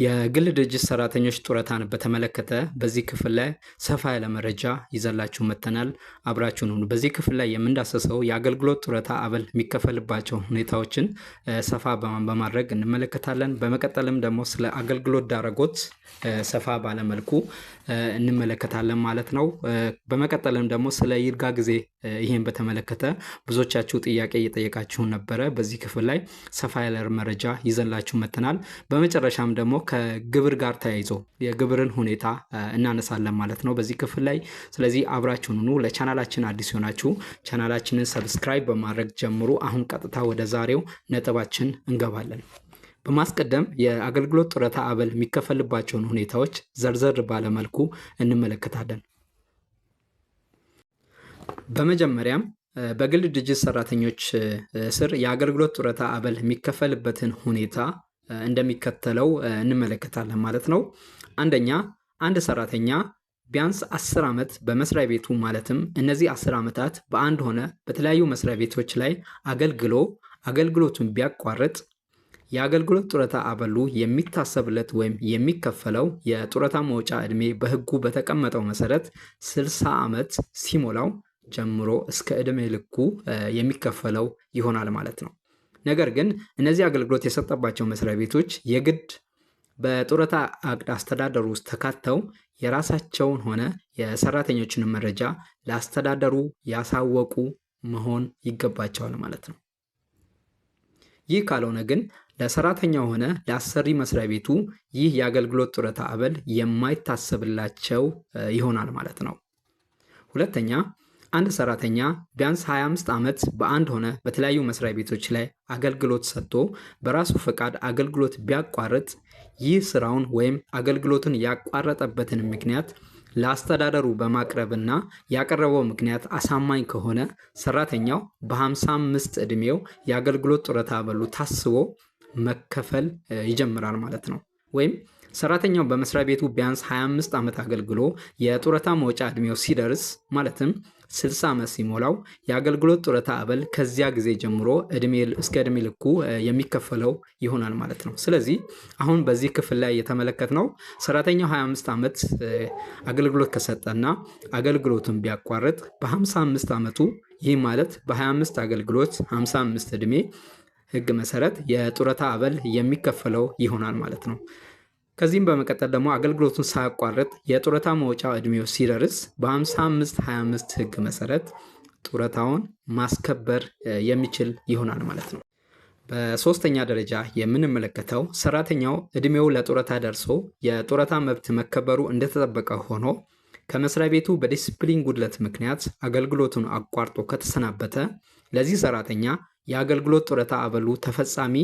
የግል ድርጅት ሰራተኞች ጡረታን በተመለከተ በዚህ ክፍል ላይ ሰፋ ያለ መረጃ ይዘላችሁ መጥተናል። አብራችሁን ሁኑ። በዚህ ክፍል ላይ የምንዳሰሰው የአገልግሎት ጡረታ አበል የሚከፈልባቸው ሁኔታዎችን ሰፋ በማድረግ እንመለከታለን። በመቀጠልም ደግሞ ስለ አገልግሎት ዳረጎት ሰፋ ባለመልኩ እንመለከታለን ማለት ነው። በመቀጠልም ደግሞ ስለ ይርጋ ጊዜ ይህን በተመለከተ ብዙዎቻችሁ ጥያቄ እየጠየቃችሁን ነበረ። በዚህ ክፍል ላይ ሰፋ ያለ መረጃ ይዘላችሁ መጥተናል። በመጨረሻም ደግሞ ከግብር ጋር ተያይዞ የግብርን ሁኔታ እናነሳለን ማለት ነው በዚህ ክፍል ላይ። ስለዚህ አብራችሁን ሁኑ። ለቻናላችን አዲስ የሆናችሁ ቻናላችንን ሰብስክራይብ በማድረግ ጀምሩ። አሁን ቀጥታ ወደ ዛሬው ነጥባችን እንገባለን። በማስቀደም የአገልግሎት ጡረታ አበል የሚከፈልባቸውን ሁኔታዎች ዘርዘር ባለመልኩ እንመለከታለን። በመጀመሪያም በግል ድርጅት ሰራተኞች ስር የአገልግሎት ጡረታ አበል የሚከፈልበትን ሁኔታ እንደሚከተለው እንመለከታለን ማለት ነው። አንደኛ አንድ ሰራተኛ ቢያንስ አስር ዓመት በመስሪያ ቤቱ ማለትም እነዚህ አስር ዓመታት በአንድ ሆነ በተለያዩ መስሪያ ቤቶች ላይ አገልግሎ አገልግሎቱን ቢያቋርጥ የአገልግሎት ጡረታ አበሉ የሚታሰብለት ወይም የሚከፈለው የጡረታ መውጫ ዕድሜ በሕጉ በተቀመጠው መሰረት 60 ዓመት ሲሞላው ጀምሮ እስከ ዕድሜ ልኩ የሚከፈለው ይሆናል ማለት ነው። ነገር ግን እነዚህ አገልግሎት የሰጠባቸው መስሪያ ቤቶች የግድ በጡረታ አቅድ አስተዳደሩ ውስጥ ተካተው የራሳቸውን ሆነ የሰራተኞችን መረጃ ለአስተዳደሩ ያሳወቁ መሆን ይገባቸዋል ማለት ነው። ይህ ካልሆነ ግን ለሰራተኛው ሆነ ለአሰሪ መስሪያ ቤቱ ይህ የአገልግሎት ጡረታ አበል የማይታሰብላቸው ይሆናል ማለት ነው። ሁለተኛ አንድ ሰራተኛ ቢያንስ 25 ዓመት በአንድ ሆነ በተለያዩ መስሪያ ቤቶች ላይ አገልግሎት ሰጥቶ በራሱ ፈቃድ አገልግሎት ቢያቋርጥ ይህ ስራውን ወይም አገልግሎትን ያቋረጠበትን ምክንያት ለአስተዳደሩ በማቅረብና ያቀረበው ምክንያት አሳማኝ ከሆነ ሰራተኛው በ55 ዕድሜው የአገልግሎት ጡረታ አበሉ ታስቦ መከፈል ይጀምራል ማለት ነው ወይም ሰራተኛው በመስሪያ ቤቱ ቢያንስ 25 ዓመት አገልግሎ የጡረታ መውጫ ዕድሜው ሲደርስ ማለትም 60 ዓመት ሲሞላው የአገልግሎት ጡረታ አበል ከዚያ ጊዜ ጀምሮ እስከ ዕድሜ ልኩ የሚከፈለው ይሆናል ማለት ነው። ስለዚህ አሁን በዚህ ክፍል ላይ የተመለከትነው ሰራተኛው 25 ዓመት አገልግሎት ከሰጠና አገልግሎቱን ቢያቋርጥ በ55 ዓመቱ ይህ ማለት በ25 አገልግሎት 55 ዕድሜ ህግ መሰረት የጡረታ አበል የሚከፈለው ይሆናል ማለት ነው። ከዚህም በመቀጠል ደግሞ አገልግሎቱን ሳያቋርጥ የጡረታ መውጫ እድሜው ሲደርስ በ5525 ህግ መሰረት ጡረታውን ማስከበር የሚችል ይሆናል ማለት ነው። በሶስተኛ ደረጃ የምንመለከተው ሰራተኛው እድሜው ለጡረታ ደርሶ የጡረታ መብት መከበሩ እንደተጠበቀ ሆኖ ከመስሪያ ቤቱ በዲስፕሊን ጉድለት ምክንያት አገልግሎቱን አቋርጦ ከተሰናበተ ለዚህ ሰራተኛ የአገልግሎት ጡረታ አበሉ ተፈጻሚ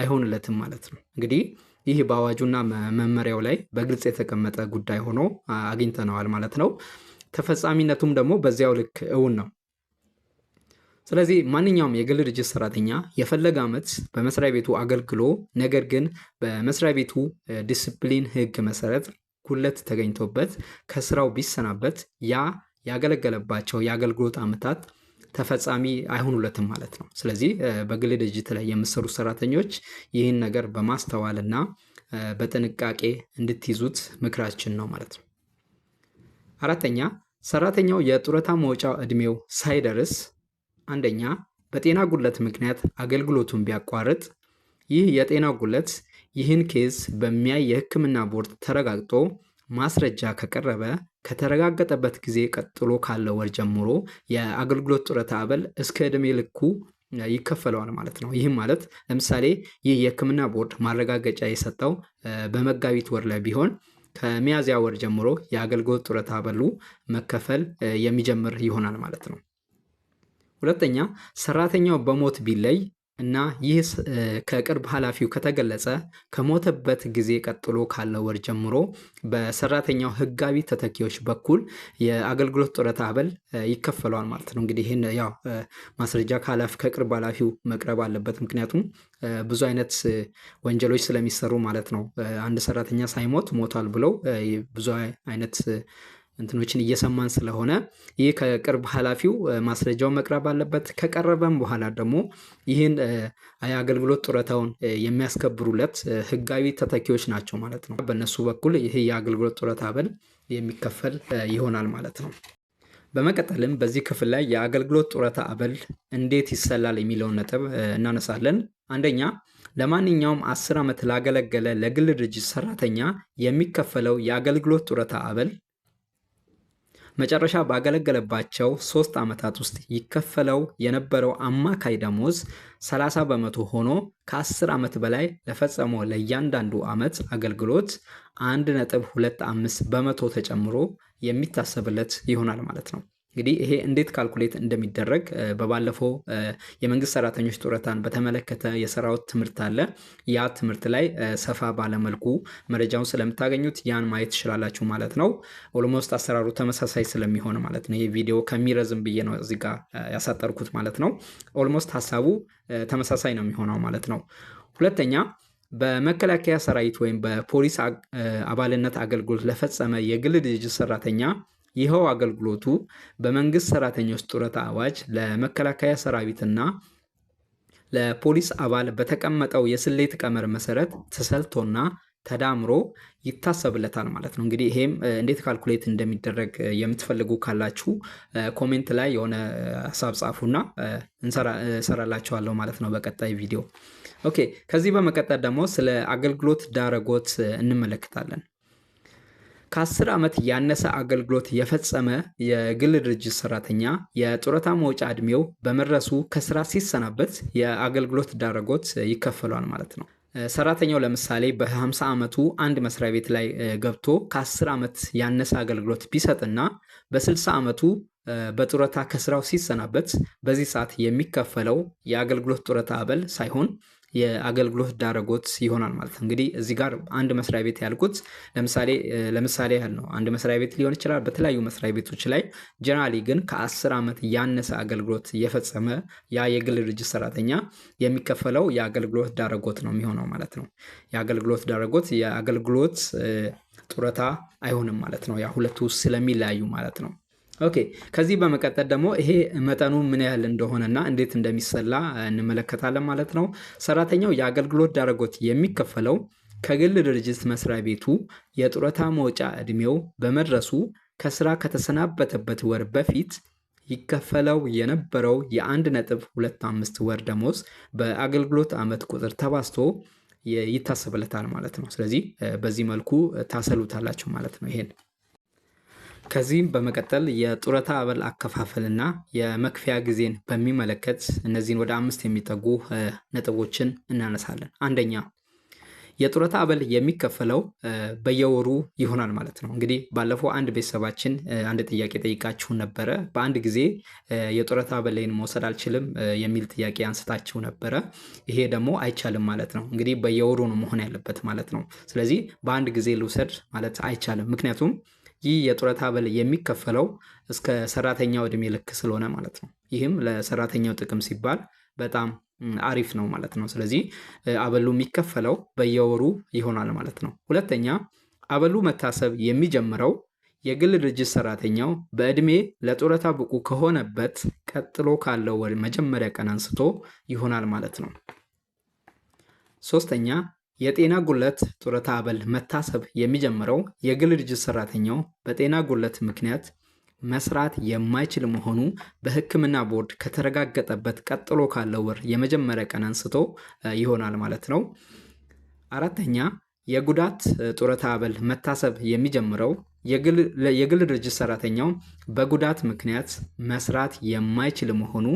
አይሆንለትም ማለት ነው እንግዲህ ይህ በአዋጁና መመሪያው ላይ በግልጽ የተቀመጠ ጉዳይ ሆኖ አግኝተነዋል ማለት ነው። ተፈጻሚነቱም ደግሞ በዚያው ልክ እውን ነው። ስለዚህ ማንኛውም የግል ድርጅት ሰራተኛ የፈለገ ዓመት በመስሪያ ቤቱ አገልግሎ ነገር ግን በመስሪያ ቤቱ ዲስፕሊን ሕግ መሰረት ጉለት ተገኝቶበት ከስራው ቢሰናበት ያ ያገለገለባቸው የአገልግሎት ዓመታት ተፈጻሚ አይሆኑለትም ማለት ነው። ስለዚህ በግል ድርጅት ላይ የምሰሩ ሰራተኞች ይህን ነገር በማስተዋልና በጥንቃቄ እንድትይዙት ምክራችን ነው ማለት ነው። አራተኛ ሰራተኛው የጡረታ መውጫ እድሜው ሳይደርስ አንደኛ በጤና ጉለት ምክንያት አገልግሎቱን ቢያቋርጥ ይህ የጤና ጉለት ይህን ኬዝ በሚያይ የሕክምና ቦርድ ተረጋግጦ ማስረጃ ከቀረበ ከተረጋገጠበት ጊዜ ቀጥሎ ካለ ወር ጀምሮ የአገልግሎት ጡረታ አበል እስከ ዕድሜ ልኩ ይከፈለዋል ማለት ነው። ይህም ማለት ለምሳሌ ይህ የሕክምና ቦርድ ማረጋገጫ የሰጠው በመጋቢት ወር ላይ ቢሆን ከሚያዝያ ወር ጀምሮ የአገልግሎት ጡረታ አበሉ መከፈል የሚጀምር ይሆናል ማለት ነው። ሁለተኛ ሰራተኛው በሞት ቢለይ እና ይህ ከቅርብ ኃላፊው ከተገለጸ ከሞተበት ጊዜ ቀጥሎ ካለው ወር ጀምሮ በሰራተኛው ህጋቢ ተተኪዎች በኩል የአገልግሎት ጡረታ አበል ይከፈለዋል ማለት ነው። እንግዲህ ይህን ያው ማስረጃ ከኃላፊ ከቅርብ ኃላፊው መቅረብ አለበት። ምክንያቱም ብዙ አይነት ወንጀሎች ስለሚሰሩ ማለት ነው። አንድ ሰራተኛ ሳይሞት ሞቷል ብለው ብዙ አይነት እንትኖችን እየሰማን ስለሆነ ይህ ከቅርብ ኃላፊው ማስረጃውን መቅረብ አለበት። ከቀረበም በኋላ ደግሞ ይህን የአገልግሎት ጡረታውን የሚያስከብሩለት ህጋዊ ተተኪዎች ናቸው ማለት ነው። በእነሱ በኩል ይህ የአገልግሎት ጡረታ አበል የሚከፈል ይሆናል ማለት ነው። በመቀጠልም በዚህ ክፍል ላይ የአገልግሎት ጡረታ አበል እንዴት ይሰላል የሚለውን ነጥብ እናነሳለን። አንደኛ ለማንኛውም አስር ዓመት ላገለገለ ለግል ድርጅት ሰራተኛ የሚከፈለው የአገልግሎት ጡረታ አበል መጨረሻ ባገለገለባቸው ሶስት ዓመታት ውስጥ ይከፈለው የነበረው አማካይ ደሞዝ 30 በመቶ ሆኖ ከ10 ዓመት በላይ ለፈጸመው ለእያንዳንዱ ዓመት አገልግሎት 1.25 በመቶ ተጨምሮ የሚታሰብለት ይሆናል ማለት ነው። እንግዲህ ይሄ እንዴት ካልኩሌት እንደሚደረግ በባለፈው የመንግስት ሰራተኞች ጡረታን በተመለከተ የሰራሁት ትምህርት አለ። ያ ትምህርት ላይ ሰፋ ባለመልኩ መረጃውን ስለምታገኙት ያን ማየት ትችላላችሁ ማለት ነው። ኦልሞስት አሰራሩ ተመሳሳይ ስለሚሆን ማለት ነው። ይሄ ቪዲዮ ከሚረዝም ብዬ ነው እዚህ ጋር ያሳጠርኩት ማለት ነው። ኦልሞስት ሀሳቡ ተመሳሳይ ነው የሚሆነው ማለት ነው። ሁለተኛ በመከላከያ ሰራዊት ወይም በፖሊስ አባልነት አገልግሎት ለፈጸመ የግል ድርጅት ሰራተኛ ይኸው አገልግሎቱ በመንግስት ሰራተኞች ጡረታ አዋጅ ለመከላከያ ሰራዊትና ለፖሊስ አባል በተቀመጠው የስሌት ቀመር መሰረት ተሰልቶና ተዳምሮ ይታሰብለታል ማለት ነው። እንግዲህ ይሄም እንዴት ካልኩሌት እንደሚደረግ የምትፈልጉ ካላችሁ ኮሜንት ላይ የሆነ ሀሳብ ጻፉና እንሰራላችኋለሁ ማለት ነው በቀጣይ ቪዲዮ። ኦኬ ከዚህ በመቀጠል ደግሞ ስለ አገልግሎት ዳረጎት እንመለከታለን። ከ10 ዓመት ያነሰ አገልግሎት የፈጸመ የግል ድርጅት ሰራተኛ የጡረታ መውጫ ዕድሜው በመድረሱ ከስራ ሲሰናበት የአገልግሎት ዳረጎት ይከፈሏል ማለት ነው። ሰራተኛው ለምሳሌ በ50 ዓመቱ አንድ መስሪያ ቤት ላይ ገብቶ ከ10 ዓመት ያነሰ አገልግሎት ቢሰጥና በ60 ዓመቱ በጡረታ ከስራው ሲሰናበት በዚህ ሰዓት የሚከፈለው የአገልግሎት ጡረታ አበል ሳይሆን የአገልግሎት ዳረጎት ይሆናል ማለት ነው። እንግዲህ እዚህ ጋር አንድ መስሪያ ቤት ያልኩት ለምሳሌ ለምሳሌ ያህል ነው። አንድ መስሪያ ቤት ሊሆን ይችላል። በተለያዩ መስሪያ ቤቶች ላይ ጀነራሊ ግን ከአስር ዓመት ያነሰ አገልግሎት የፈጸመ ያ የግል ድርጅት ሰራተኛ የሚከፈለው የአገልግሎት ዳረጎት ነው የሚሆነው ማለት ነው። የአገልግሎት ዳረጎት የአገልግሎት ጡረታ አይሆንም ማለት ነው። ያ ሁለቱ ስለሚለያዩ ማለት ነው። ኦኬ ከዚህ በመቀጠል ደግሞ ይሄ መጠኑ ምን ያህል እንደሆነና እንዴት እንደሚሰላ እንመለከታለን ማለት ነው። ሰራተኛው የአገልግሎት ዳረጎት የሚከፈለው ከግል ድርጅት መስሪያ ቤቱ የጡረታ መውጫ ዕድሜው በመድረሱ ከስራ ከተሰናበተበት ወር በፊት ይከፈለው የነበረው የ1.25 ወር ደሞዝ በአገልግሎት ዓመት ቁጥር ተባዝቶ ይታሰብለታል ማለት ነው። ስለዚህ በዚህ መልኩ ታሰሉታላችሁ ማለት ነው ይሄን ከዚህም በመቀጠል የጡረታ አበል አከፋፈልና የመክፊያ ጊዜን በሚመለከት እነዚህን ወደ አምስት የሚጠጉ ነጥቦችን እናነሳለን። አንደኛ የጡረታ አበል የሚከፈለው በየወሩ ይሆናል ማለት ነው። እንግዲህ ባለፈው አንድ ቤተሰባችን አንድ ጥያቄ ጠይቃችሁ ነበረ። በአንድ ጊዜ የጡረታ አበልን መውሰድ አልችልም የሚል ጥያቄ አንስታችሁ ነበረ። ይሄ ደግሞ አይቻልም ማለት ነው። እንግዲህ በየወሩ ነው መሆን ያለበት ማለት ነው። ስለዚህ በአንድ ጊዜ ልውሰድ ማለት አይቻልም። ምክንያቱም ይህ የጡረታ አበል የሚከፈለው እስከ ሰራተኛው እድሜ ልክ ስለሆነ ማለት ነው። ይህም ለሰራተኛው ጥቅም ሲባል በጣም አሪፍ ነው ማለት ነው። ስለዚህ አበሉ የሚከፈለው በየወሩ ይሆናል ማለት ነው። ሁለተኛ አበሉ መታሰብ የሚጀምረው የግል ድርጅት ሰራተኛው በእድሜ ለጡረታ ብቁ ከሆነበት ቀጥሎ ካለው መጀመሪያ ቀን አንስቶ ይሆናል ማለት ነው። ሶስተኛ የጤና ጉለት ጡረታ አበል መታሰብ የሚጀምረው የግል ድርጅት ሰራተኛው በጤና ጉለት ምክንያት መስራት የማይችል መሆኑ በሕክምና ቦርድ ከተረጋገጠበት ቀጥሎ ካለው ወር የመጀመሪያ ቀን አንስቶ ይሆናል ማለት ነው። አራተኛ የጉዳት ጡረታ አበል መታሰብ የሚጀምረው የግል ድርጅት ሰራተኛው በጉዳት ምክንያት መስራት የማይችል መሆኑ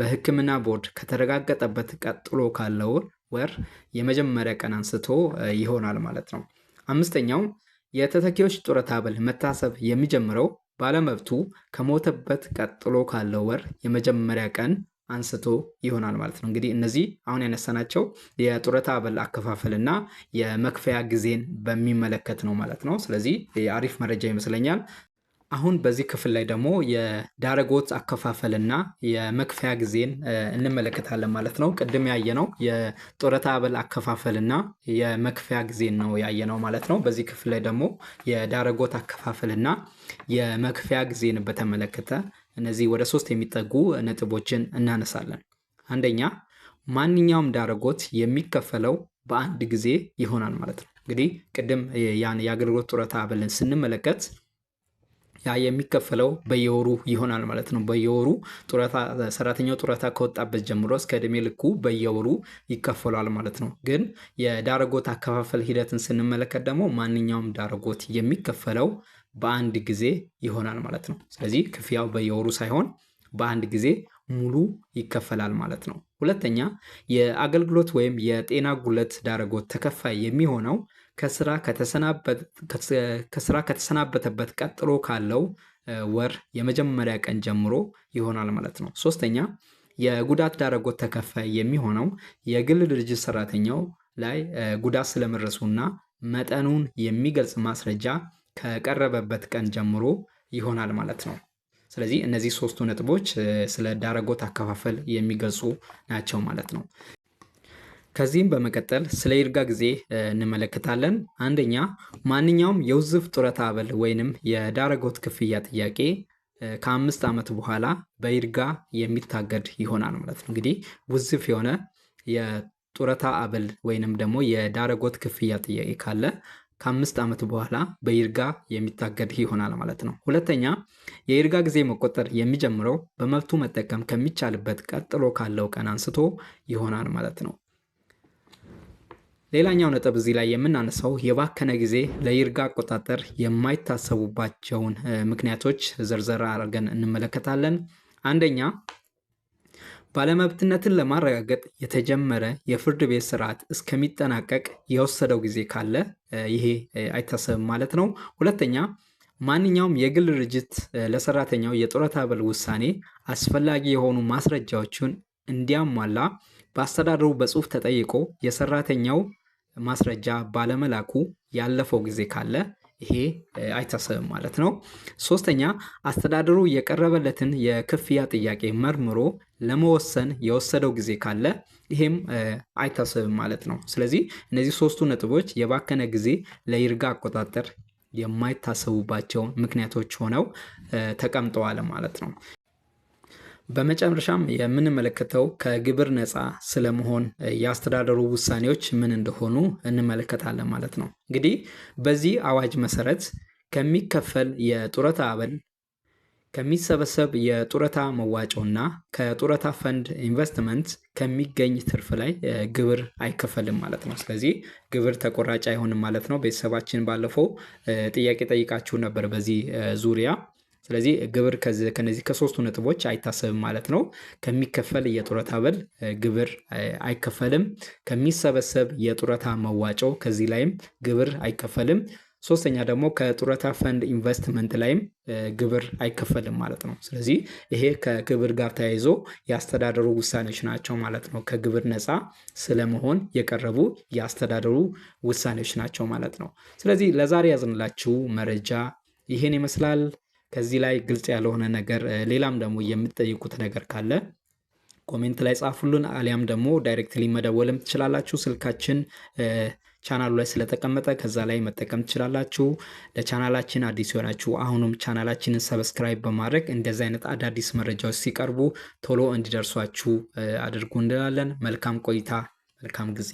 በሕክምና ቦርድ ከተረጋገጠበት ቀጥሎ ካለው ወር የመጀመሪያ ቀን አንስቶ ይሆናል ማለት ነው። አምስተኛው የተተኪዎች ጡረታ አበል መታሰብ የሚጀምረው ባለመብቱ ከሞተበት ቀጥሎ ካለው ወር የመጀመሪያ ቀን አንስቶ ይሆናል ማለት ነው። እንግዲህ እነዚህ አሁን ያነሳናቸው የጡረታ አበል አከፋፈልና የመክፈያ ጊዜን በሚመለከት ነው ማለት ነው። ስለዚህ አሪፍ መረጃ ይመስለኛል። አሁን በዚህ ክፍል ላይ ደግሞ የዳረጎት አከፋፈልና የመክፈያ ጊዜን እንመለከታለን ማለት ነው። ቅድም ያየነው የጡረታ አበል አከፋፈልና የመክፈያ ጊዜን ነው ያየነው ማለት ነው። በዚህ ክፍል ላይ ደግሞ የዳረጎት አከፋፈልና የመክፈያ ጊዜን በተመለከተ እነዚህ ወደ ሶስት የሚጠጉ ነጥቦችን እናነሳለን። አንደኛ ማንኛውም ዳረጎት የሚከፈለው በአንድ ጊዜ ይሆናል ማለት ነው። እንግዲህ ቅድም ያን የአገልግሎት ጡረታ አበልን ስንመለከት ያ የሚከፈለው በየወሩ ይሆናል ማለት ነው። በየወሩ ጡረታ ሰራተኛው ጡረታ ከወጣበት ጀምሮ እስከ ዕድሜ ልኩ በየወሩ ይከፈሏል ማለት ነው። ግን የዳረጎት አከፋፈል ሂደትን ስንመለከት ደግሞ ማንኛውም ዳረጎት የሚከፈለው በአንድ ጊዜ ይሆናል ማለት ነው። ስለዚህ ክፍያው በየወሩ ሳይሆን በአንድ ጊዜ ሙሉ ይከፈላል ማለት ነው። ሁለተኛ የአገልግሎት ወይም የጤና ጉለት ዳረጎት ተከፋይ የሚሆነው ከስራ ከተሰናበተበት ቀጥሎ ካለው ወር የመጀመሪያ ቀን ጀምሮ ይሆናል ማለት ነው። ሶስተኛ የጉዳት ዳረጎት ተከፋይ የሚሆነው የግል ድርጅት ሰራተኛው ላይ ጉዳት ስለመድረሱና መጠኑን የሚገልጽ ማስረጃ ከቀረበበት ቀን ጀምሮ ይሆናል ማለት ነው። ስለዚህ እነዚህ ሶስቱ ነጥቦች ስለ ዳረጎት አከፋፈል የሚገልጹ ናቸው ማለት ነው። ከዚህም በመቀጠል ስለ ይርጋ ጊዜ እንመለከታለን። አንደኛ ማንኛውም የውዝፍ ጡረታ አበል ወይንም የዳረጎት ክፍያ ጥያቄ ከአምስት ዓመት በኋላ በይርጋ የሚታገድ ይሆናል ማለት ነው። እንግዲህ ውዝፍ የሆነ የጡረታ አበል ወይንም ደግሞ የዳረጎት ክፍያ ጥያቄ ካለ ከአምስት ዓመት በኋላ በይርጋ የሚታገድ ይሆናል ማለት ነው። ሁለተኛ የይርጋ ጊዜ መቆጠር የሚጀምረው በመብቱ መጠቀም ከሚቻልበት ቀጥሎ ካለው ቀን አንስቶ ይሆናል ማለት ነው። ሌላኛው ነጥብ እዚህ ላይ የምናነሳው የባከነ ጊዜ ለይርጋ አቆጣጠር የማይታሰቡባቸውን ምክንያቶች ዝርዝር አድርገን እንመለከታለን። አንደኛ ባለመብትነትን ለማረጋገጥ የተጀመረ የፍርድ ቤት ስርዓት እስከሚጠናቀቅ የወሰደው ጊዜ ካለ ይሄ አይታሰብም ማለት ነው። ሁለተኛ ማንኛውም የግል ድርጅት ለሰራተኛው የጡረታ አበል ውሳኔ አስፈላጊ የሆኑ ማስረጃዎችን እንዲያሟላ በአስተዳደሩ በጽሁፍ ተጠይቆ የሰራተኛው ማስረጃ ባለመላኩ ያለፈው ጊዜ ካለ ይሄ አይታሰብም ማለት ነው። ሶስተኛ አስተዳደሩ የቀረበለትን የክፍያ ጥያቄ መርምሮ ለመወሰን የወሰደው ጊዜ ካለ ይሄም አይታሰብም ማለት ነው። ስለዚህ እነዚህ ሶስቱ ነጥቦች የባከነ ጊዜ ለይርጋ አቆጣጠር የማይታሰቡባቸው ምክንያቶች ሆነው ተቀምጠዋል ማለት ነው። በመጨረሻም የምንመለከተው ከግብር ነፃ ስለመሆን የአስተዳደሩ ውሳኔዎች ምን እንደሆኑ እንመለከታለን ማለት ነው። እንግዲህ በዚህ አዋጅ መሰረት ከሚከፈል የጡረታ አበል ከሚሰበሰብ የጡረታ መዋጮና ከጡረታ ፈንድ ኢንቨስትመንት ከሚገኝ ትርፍ ላይ ግብር አይከፈልም ማለት ነው። ስለዚህ ግብር ተቆራጭ አይሆንም ማለት ነው። ቤተሰባችን ባለፈው ጥያቄ ጠይቃችሁ ነበር በዚህ ዙሪያ ስለዚህ ግብር ከነዚህ ከሶስቱ ነጥቦች አይታሰብም ማለት ነው። ከሚከፈል የጡረታ አበል ግብር አይከፈልም። ከሚሰበሰብ የጡረታ መዋጮ ከዚህ ላይም ግብር አይከፈልም። ሶስተኛ ደግሞ ከጡረታ ፈንድ ኢንቨስትመንት ላይም ግብር አይከፈልም ማለት ነው። ስለዚህ ይሄ ከግብር ጋር ተያይዞ የአስተዳደሩ ውሳኔዎች ናቸው ማለት ነው። ከግብር ነፃ ስለመሆን የቀረቡ የአስተዳደሩ ውሳኔዎች ናቸው ማለት ነው። ስለዚህ ለዛሬ ያዝንላችሁ መረጃ ይህን ይመስላል። ከዚህ ላይ ግልጽ ያልሆነ ነገር ሌላም ደግሞ የምትጠይቁት ነገር ካለ ኮሜንት ላይ ጻፉልን፣ አሊያም ደግሞ ዳይሬክትሊ መደወልም ትችላላችሁ። ስልካችን ቻናሉ ላይ ስለተቀመጠ ከዛ ላይ መጠቀም ትችላላችሁ። ለቻናላችን አዲስ የሆናችሁ አሁኑም ቻናላችንን ሰብስክራይብ በማድረግ እንደዚህ አይነት አዳዲስ መረጃዎች ሲቀርቡ ቶሎ እንዲደርሷችሁ አድርጉ እንላለን። መልካም ቆይታ፣ መልካም ጊዜ